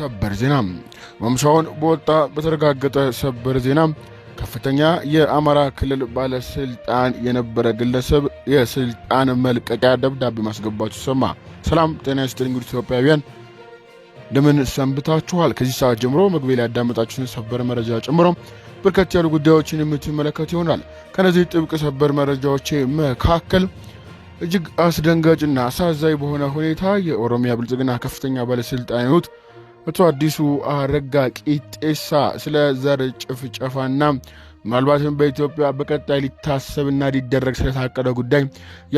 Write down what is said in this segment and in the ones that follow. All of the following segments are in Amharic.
ሰበር ዜና ማምሻውን በወጣ በተረጋገጠ ሰበር ዜና ከፍተኛ የአማራ ክልል ባለስልጣን የነበረ ግለሰብ የስልጣን መልቀቂያ ደብዳቤ ማስገባቱ ሰማ። ሰላም ጤና ይስጥልኝ ኢትዮጵያውያን እንደምን ሰንብታችኋል? ከዚህ ሰዓት ጀምሮ መግቢያ ላይ ያዳመጣችሁን ሰበር መረጃ ጨምሮ በርከት ያሉ ጉዳዮችን የምትመለከት ይሆናል። ከነዚህ ጥብቅ ሰበር መረጃዎች መካከል እጅግ አስደንጋጭና አሳዛኝ በሆነ ሁኔታ የኦሮሚያ ብልጽግና ከፍተኛ ባለስልጣን የሆኑት አቶ አዲሱ አረጋ ቂጤሳ ስለ ዘር ጭፍጨፋና ምናልባትም በኢትዮጵያ በቀጣይ ሊታሰብና ሊደረግ ስለታቀደ ጉዳይ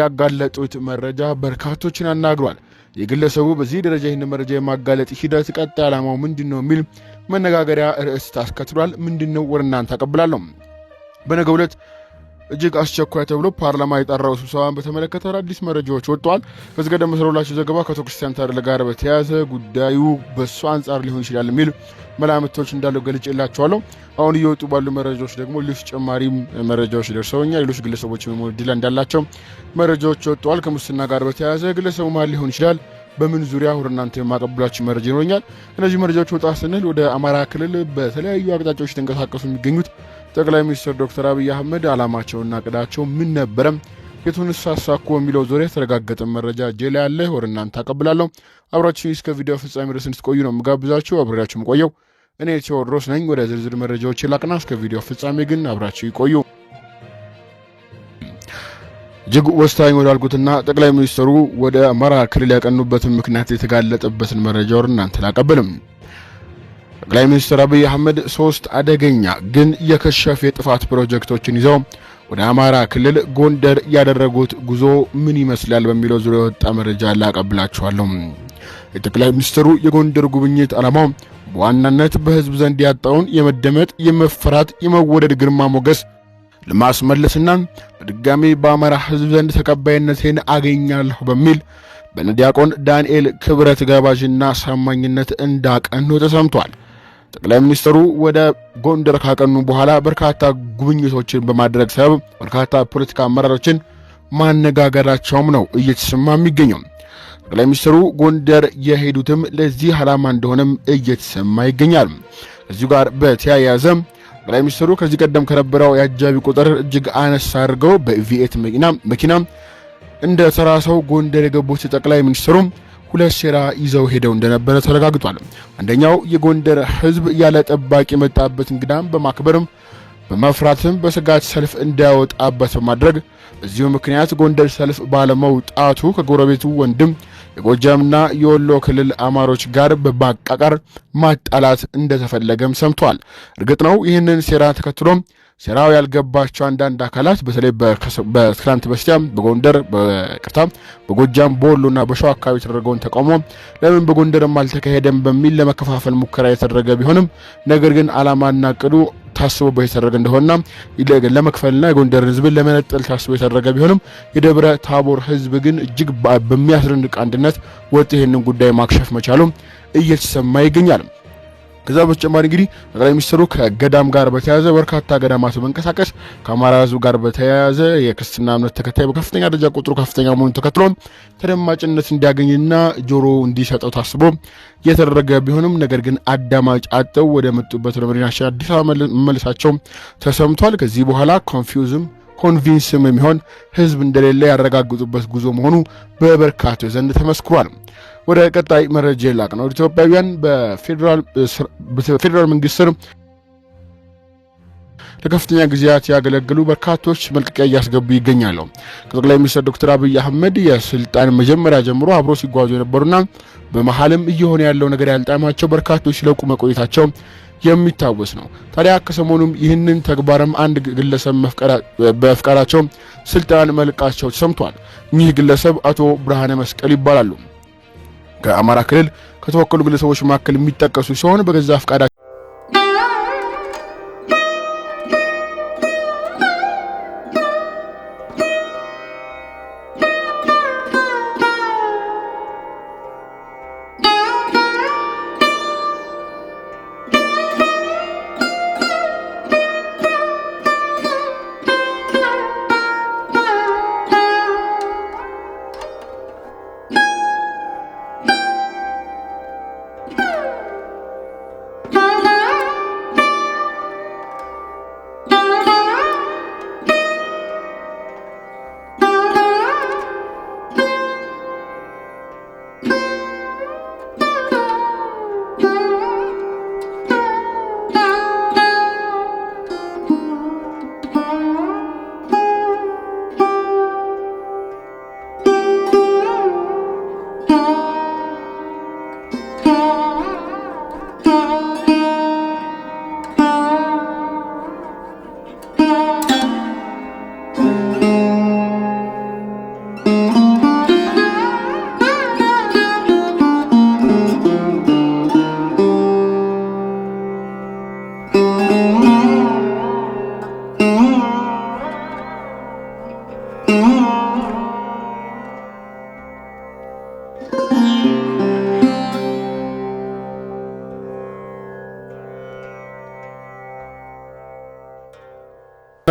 ያጋለጡት መረጃ በርካቶችን አናግሯል። የግለሰቡ በዚህ ደረጃ ይህን መረጃ የማጋለጥ ሂደት ቀጣይ ዓላማው ምንድን ነው የሚል መነጋገሪያ ርዕስ ታስከትሏል። ምንድን ነው ወደ እናንተ አቀብላለሁ። በነገው ዕለት እጅግ አስቸኳይ ተብሎ ፓርላማ የጠራው ስብሰባን በተመለከተ አዳዲስ መረጃዎች ወጥተዋል። ከዚህ ቀደም ስለላቸው ዘገባ ከአቶ ክርስቲያን ታደለ ጋር በተያያዘ ጉዳዩ በእሱ አንጻር ሊሆን ይችላል የሚል መላምቶች እንዳለው ገልጬላቸዋለሁ። አሁን እየወጡ ባሉ መረጃዎች ደግሞ ሌሎች ጨማሪ መረጃዎች ደርሰውኛል። ሌሎች ግለሰቦች የመሆን ዕድል እንዳላቸው መረጃዎች ወጥተዋል። ከሙስና ጋር በተያያዘ ግለሰቡ መሀል ሊሆን ይችላል በምን ዙሪያ ሁር እናንተ የማቀብላችሁ መረጃ ይኖረኛል። እነዚህ መረጃዎች ወጣ ስንል ወደ አማራ ክልል በተለያዩ አቅጣጫዎች የተንቀሳቀሱ የሚገኙት ጠቅላይ ሚኒስትር ዶክተር አብይ አህመድ ዓላማቸውና እቅዳቸው ምን ነበረም? የቱንስ አሳኩ የሚለው ዙሪያ የተረጋገጠ መረጃ እጄ ያለ ወር እናንተ አቀብላለሁ። አብራችሁ እስከ ቪዲዮ ፍጻሜ ድረስ እንድትቆዩ ነው የምጋብዛችሁ። አብሬያችሁ የምቆየው እኔ ቴዎድሮስ ነኝ። ወደ ዝርዝር መረጃዎች ላቅና። እስከ ቪዲዮ ፍጻሜ ግን አብራችሁ ይቆዩ። እጅግ ወሳኝ ወዳልኩትና ጠቅላይ ሚኒስትሩ ወደ አማራ ክልል ያቀኑበትን ምክንያት የተጋለጠበትን መረጃ ወር እናንተ ላቀብልም ጠቅላይ ሚኒስትር አብይ አህመድ ሶስት አደገኛ ግን የከሸፍ የጥፋት ፕሮጀክቶችን ይዘው ወደ አማራ ክልል ጎንደር ያደረጉት ጉዞ ምን ይመስላል በሚለው ዙሪያ የወጣ መረጃ ላቀብላችኋለሁ። የጠቅላይ ሚኒስትሩ የጎንደር ጉብኝት ዓላማው በዋናነት በህዝብ ዘንድ ያጣውን የመደመጥ፣ የመፈራት፣ የመወደድ ግርማ ሞገስ ለማስመለስና በድጋሚ በአማራ ህዝብ ዘንድ ተቀባይነቴን አገኛለሁ በሚል በነዲያቆን ዳንኤል ክብረት ጋባዥና ሳማኝነት እንዳቀኑ ተሰምቷል። ጠቅላይ ሚኒስትሩ ወደ ጎንደር ካቀኑ በኋላ በርካታ ጉብኝቶችን በማድረግ ሰበብ በርካታ ፖለቲካ አመራሮችን ማነጋገራቸውም ነው እየተሰማ የሚገኘው። ጠቅላይ ሚኒስትሩ ጎንደር የሄዱትም ለዚህ ዓላማ እንደሆነም እየተሰማ ይገኛል። ከዚሁ ጋር በተያያዘ ጠቅላይ ሚኒስትሩ ከዚህ ቀደም ከነበረው የአጃቢ ቁጥር እጅግ አነስ አድርገው በቪኤት መኪና እንደ ተራ ሰው ጎንደር የገቡት ጠቅላይ ሚኒስትሩ ሁለት ሴራ ይዘው ሄደው እንደነበረ ተረጋግጧል። አንደኛው የጎንደር ህዝብ ያለ ጠባቂ የመጣበት እንግዳም በማክበርም በመፍራትም በስጋት ሰልፍ እንዳይወጣበት በማድረግ በዚሁ ምክንያት ጎንደር ሰልፍ ባለመውጣቱ ከጎረቤቱ ወንድም የጎጃምና የወሎ ክልል አማሮች ጋር በማቃቃር ማጣላት እንደተፈለገም ሰምቷል። እርግጥ ነው ይህንን ሴራ ተከትሎም ሴራው ያልገባቸው አንዳንድ አካላት በተለይ በትናንት በስቲያ በጎንደር በቅርታ በጎጃም በወሎና በሸዋ አካባቢ የተደረገውን ተቃውሞ ለምን በጎንደርም አልተካሄደም በሚል ለመከፋፈል ሙከራ የተደረገ ቢሆንም ነገር ግን አላማና ቅዱ ታስቦበት የተደረገ እንደሆነና ለመክፈልና የጎንደር ሕዝብን ለመነጠል ታስቦ የተደረገ ቢሆንም የደብረ ታቦር ህዝብ ግን እጅግ በሚያስደንቅ አንድነት ወጥ ይህንን ጉዳይ ማክሸፍ መቻሉ እየተሰማ ይገኛል። ከዛ በተጨማሪ እንግዲህ ጠቅላይ ሚኒስትሩ ከገዳም ጋር በተያያዘ በርካታ ገዳማት መንቀሳቀስ ከአማራ ሕዝብ ጋር በተያያዘ የክርስትና እምነት ተከታይ በከፍተኛ ደረጃ ቁጥሩ ከፍተኛ መሆኑን ተከትሎ ተደማጭነት እንዲያገኝና ጆሮ እንዲሰጠው ታስቦ የተደረገ ቢሆንም ነገር ግን አዳማጭ አጠው ወደ መጡበት ወደ መዲናችን አዲስ አበባ መመለሳቸው ተሰምቷል። ከዚህ በኋላ ኮንፊውዝም ኮንቪንስም የሚሆን ሕዝብ እንደሌለ ያረጋግጡበት ጉዞ መሆኑ በበርካቶች ዘንድ ተመስክሯል። ወደ ቀጣይ መረጃ የላቅ ነው። ኢትዮጵያውያን በፌዴራል መንግስት ስር ለከፍተኛ ጊዜያት ያገለግሉ በርካቶች መልቀቂያ እያስገቡ ይገኛሉ። ከጠቅላይ ሚኒስትር ዶክተር አብይ አህመድ የስልጣን መጀመሪያ ጀምሮ አብሮ ሲጓዙ የነበሩና በመሀልም እየሆነ ያለው ነገር ያልጣማቸው በርካቶች ሲለቁ መቆየታቸው የሚታወስ ነው። ታዲያ ከሰሞኑም ይህንን ተግባርም አንድ ግለሰብ በፍቃዳቸው ስልጣን መልቃቸው ሰምቷል። እኚህ ግለሰብ አቶ ብርሃነ መስቀል ይባላሉ። ከአማራ ክልል ከተወከሉ ግለሰቦች መካከል የሚጠቀሱ ሲሆን በገዛ ፈቃዳቸው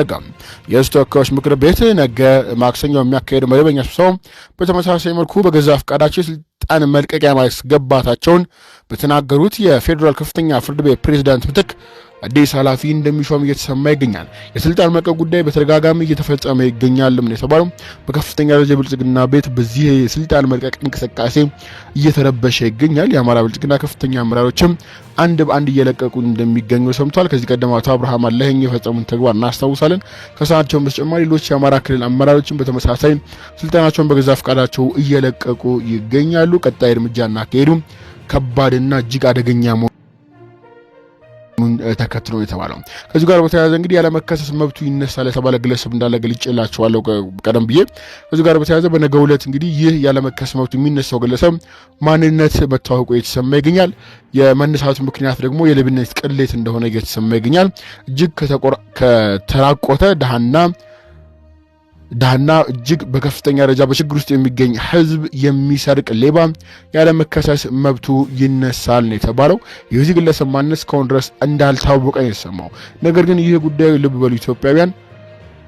ተጠናቀቀ። የሕዝብ ተወካዮች ምክር ቤት ነገ ማክሰኞ የሚያካሄደው መደበኛ ስብሰባው በተመሳሳይ መልኩ በገዛ ፈቃዳቸው የስልጣን መልቀቂያ ማስገባታቸውን በተናገሩት የፌዴራል ከፍተኛ ፍርድ ቤት ፕሬዚዳንት ምትክ አዲስ ኃላፊ እንደሚሾም እየተሰማ ይገኛል። የስልጣን መቀ ጉዳይ በተደጋጋሚ እየተፈጸመ ይገኛልም ነው የተባለው። በከፍተኛ ደረጃ ብልጽግና ቤት በዚህ የስልጣን መልቀቅ እንቅስቃሴ እየተረበሸ ይገኛል። የአማራ ብልጽግና ከፍተኛ አመራሮችም አንድ በአንድ እየለቀቁ እንደሚገኙ ሰምቷል። ከዚህ ቀደም አቶ አብርሃም አለኸኝ የፈጸሙን ተግባር እናስታውሳለን። ከሳቸውም በተጨማሪ ሌሎች የአማራ ክልል አመራሮችም በተመሳሳይ ስልጣናቸውን በገዛ ፈቃዳቸው እየለቀቁ ይገኛሉ። ቀጣይ እርምጃና አካሄዱ ከባድና እጅግ አደገኛ ተከትሎ የተባለው ከዚህ ጋር በተያያዘ እንግዲህ ያለመከሰስ መብቱ ይነሳል የተባለ ግለሰብ እንዳለ ገልጬላችኋለሁ ቀደም ብዬ። ከዚህ ጋር በተያያዘ በነገ ዕለት እንግዲህ ይህ ያለመከሰስ መብቱ የሚነሳው ግለሰብ ማንነት መታወቁ የተሰማ ይገኛል። የመነሳቱ ምክንያት ደግሞ የልብነት ቅሌት እንደሆነ እየተሰማ ይገኛል። እጅግ ከተራቆተ ድሃና ድሃና እጅግ በከፍተኛ ደረጃ በችግር ውስጥ የሚገኝ ህዝብ የሚሰርቅ ሌባ ያለመከሰስ መብቱ ይነሳል ነው የተባለው። የዚህ ግለሰብ ማንነት እስካሁን ድረስ እንዳልታወቀ ነው የተሰማው። ነገር ግን ይህ ጉዳዩ ልብ በሉ ኢትዮጵያውያን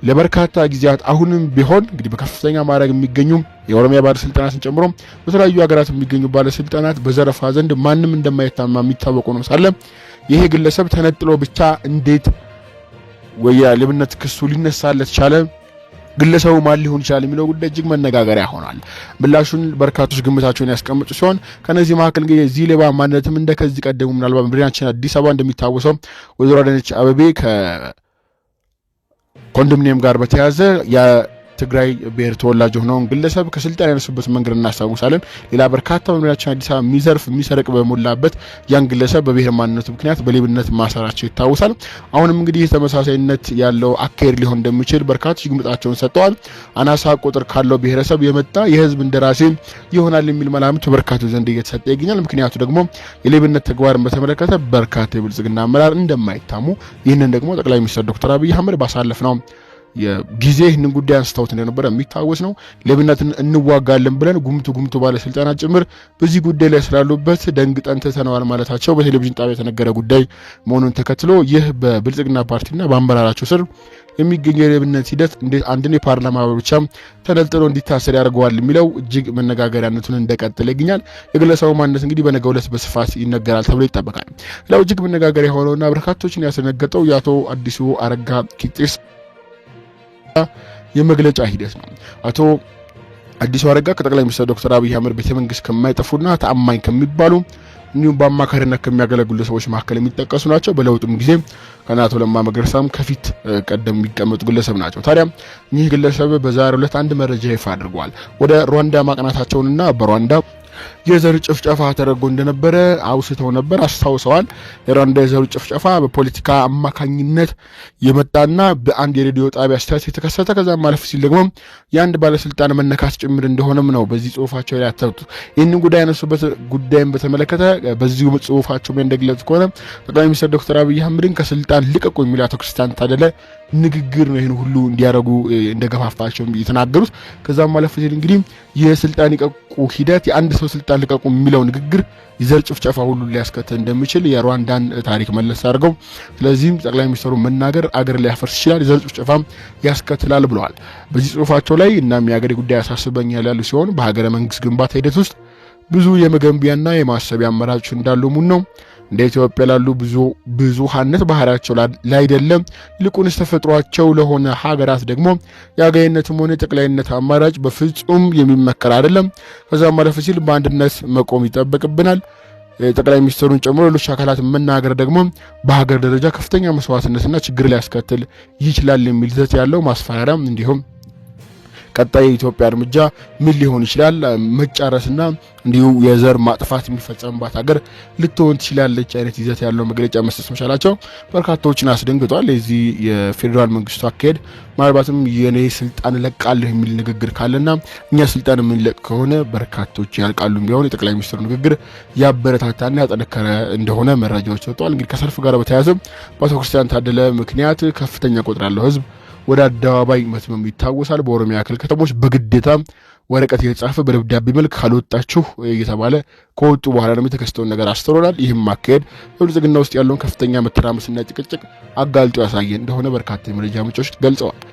ለበርካታ ጊዜያት አሁንም ቢሆን እንግዲህ በከፍተኛ ማዕረግ የሚገኙ የኦሮሚያ ባለስልጣናትን ጨምሮ በተለያዩ ሀገራት የሚገኙ ባለስልጣናት በዘረፋ ዘንድ ማንም እንደማይታማ የሚታወቁ ነው ሳለ ይሄ ግለሰብ ተነጥሎ ብቻ እንዴት ወይ የሌብነት ክሱ ሊነሳለት ቻለ? ግለሰቡ ማን ሊሆን ይችላል የሚለው ጉዳይ እጅግ መነጋገሪያ ሆኗል። ምላሹን በርካቶች ግምታቸውን ያስቀምጡ ሲሆን ከነዚህ መካከል እንግዲህ የዚህ ሌባ ማንነትም እንደ ከዚህ ቀደሙ ምናልባት መዲናችን አዲስ አበባ እንደሚታወሰው ወይዘሮ አዳነች አበቤ ከኮንዶሚኒየም ጋር በተያያዘ የትግራይ ብሔር ተወላጅ የሆነውን ግለሰብ ከስልጣን ያነሱበት መንገድ እናስታውሳለን። ሌላ በርካታ መኖሪያችን አዲስ አበባ የሚዘርፍ የሚሰርቅ በሞላበት ያን ግለሰብ በብሔር ማንነቱ ምክንያት በሌብነት ማሰራቸው ይታወሳል። አሁንም እንግዲህ ተመሳሳይነት ያለው አካሄድ ሊሆን እንደሚችል በርካቶች ግምጣቸውን ሰጥተዋል። አናሳ ቁጥር ካለው ብሔረሰብ የመጣ የህዝብ እንደራሴ ይሆናል የሚል መላምት በርካቶች ዘንድ እየተሰጠ ይገኛል። ምክንያቱ ደግሞ የሌብነት ተግባርን በተመለከተ በርካታ የብልጽግና አመራር እንደማይታሙ ይህንን ደግሞ ጠቅላይ ሚኒስትር ዶክተር አብይ አህመድ ባሳለፍ ነው ጊዜ ይህንን ጉዳይ አንስታውት እንደነበረ የሚታወስ ነው። ሌብነትን እንዋጋለን ብለን ጉምቱ ጉምቱ ባለስልጣናት ጭምር በዚህ ጉዳይ ላይ ስላሉበት ደንግጠን ትተነዋል ማለታቸው በቴሌቪዥን ጣቢያ የተነገረ ጉዳይ መሆኑን ተከትሎ ይህ በብልጽግና ፓርቲና በአመራራቸው ስር የሚገኘው የሌብነት ሂደት እንዴት አንድን የፓርላማ ብቻ ተነጥሎ እንዲታሰር ያደርገዋል የሚለው እጅግ መነጋገሪያነቱን እንደቀጠለ ይገኛል። የግለሰቡ ማንነት እንግዲህ በነገው ዕለት በስፋት ይነገራል ተብሎ ይጠበቃል። ሌላው እጅግ መነጋገሪያ የሆነውና በርካቶችን ያስደነገጠው የአቶ አዲሱ አረጋ ኪጤስ የመግለጫ ሂደት ነው። አቶ አዲሱ አረጋ ከጠቅላይ ሚኒስትር ዶክተር አብይ አህመድ ቤተ መንግስት ከማይጠፉና ተአማኝ ከሚባሉ እንዲሁም በአማካሪነት ከሚያገለግሉ ሰዎች መካከል የሚጠቀሱ ናቸው። በለውጡም ጊዜ ከነ አቶ ለማ መገርሳም ከፊት ቀደም የሚቀመጡ ግለሰብ ናቸው። ታዲያ ይህ ግለሰብ በዛሬው ዕለት አንድ መረጃ ይፋ አድርጓል። ወደ ሩዋንዳ ማቅናታቸውንና በሩዋንዳ የዘር ጭፍጨፋ ተደርጎ እንደነበረ አውስተው ነበር፣ አስታውሰዋል። የሩዋንዳ የዘር ጭፍጨፋ በፖለቲካ አማካኝነት የመጣና በአንድ የሬዲዮ ጣቢያ አስተያየት የተከሰተ ከዛ ማለፍ ሲል ደግሞ የአንድ ባለስልጣን መነካት ጭምር እንደሆነም ነው በዚህ ጽሁፋቸው ላይ ያተቱት። ይህንን ጉዳይ ያነሱበት ጉዳይም በተመለከተ በዚሁ ጽሁፋቸው ላይ ከሆነ ጠቅላይ ሚኒስትር ዶክተር አብይ አህመድን ከስልጣን ልቀቁ የሚሉ አቶ ክርስቲያን ታደለ ንግግር ነው ይህን ሁሉ እንዲያደርጉ እንደገፋፋቸው የተናገሩት። ከዛም ማለፍ ሲል እንግዲህ የስልጣን ይቀቁ ሂደት የአንድ ሰው ስልጣን ስልጣን ልቀቁ የሚለው ንግግር የዘር ጭፍጨፋ ሁሉ ሊያስከትል እንደሚችል የሩዋንዳን ታሪክ መለስ አድርገው፣ ስለዚህም ጠቅላይ ሚኒስትሩ መናገር አገር ሊያፈርስ ይችላል፣ የዘር ጭፍጨፋም ያስከትላል ብለዋል። በዚህ ጽሁፋቸው ላይ እናም የአገሬ ጉዳይ ያሳስበኛል ያሉ ሲሆን በሀገረ መንግስት ግንባታ ሂደት ውስጥ ብዙ የመገንቢያና የማሰቢያ አማራጮች እንዳሉ ሙን ነው እንደ ኢትዮጵያ ላሉ ብዙ ብዙሃነት ባህሪያቸው ላይደለም ይልቁንስ ተፈጥሯቸው ለሆነ ሀገራት ደግሞ የአጋይነትም ሆነ የጠቅላይነት አማራጭ በፍጹም የሚመከር አይደለም። ከዛም ማለፍ ሲል በአንድነት መቆም ይጠበቅብናል። ጠቅላይ ሚኒስትሩን ጨምሮ ሌሎች አካላት መናገር ደግሞ በሀገር ደረጃ ከፍተኛ መስዋዕትነትና ችግር ሊያስከትል ይችላል የሚል ይዘት ያለው ማስፈራሪያም እንዲሁም ቀጣይ የኢትዮጵያ እርምጃ ምን ሊሆን ይችላል? መጫረስና እንዲሁ የዘር ማጥፋት የሚፈጸምባት ሀገር ልትሆን ትችላለች አይነት ይዘት ያለው መግለጫ መስጠት መቻላቸው በርካታዎችን አስደንግጧል። የዚህ የፌዴራል መንግስቱ አካሄድ ምናልባትም የኔ ስልጣን እለቃለሁ የሚል ንግግር ካለና እኛ ስልጣን የምንለቅ ከሆነ በርካቶች ያልቃሉ ቢሆን የጠቅላይ ሚኒስትሩ ንግግር ያበረታታና ያጠነከረ እንደሆነ መረጃዎች ሰጥተዋል። እንግዲህ ከሰልፍ ጋር በተያያዘ በአቶ ክርስቲያን ታደለ ምክንያት ከፍተኛ ቁጥር ያለው ህዝብ ወደ አደባባይ መትመም ይታወሳል። በኦሮሚያ ክልል ከተሞች በግዴታ ወረቀት የተጻፈ በደብዳቤ መልክ ካልወጣችሁ እየተባለ ከወጡ በኋላ ነው የተከሰተውን ነገር አስተውለናል። ይህም አካሄድ በብልጽግና ውስጥ ያለውን ከፍተኛ መተራመስና ጭቅጭቅ አጋልጦ ያሳየ እንደሆነ በርካታ የመረጃ ምንጮች ገልጸዋል።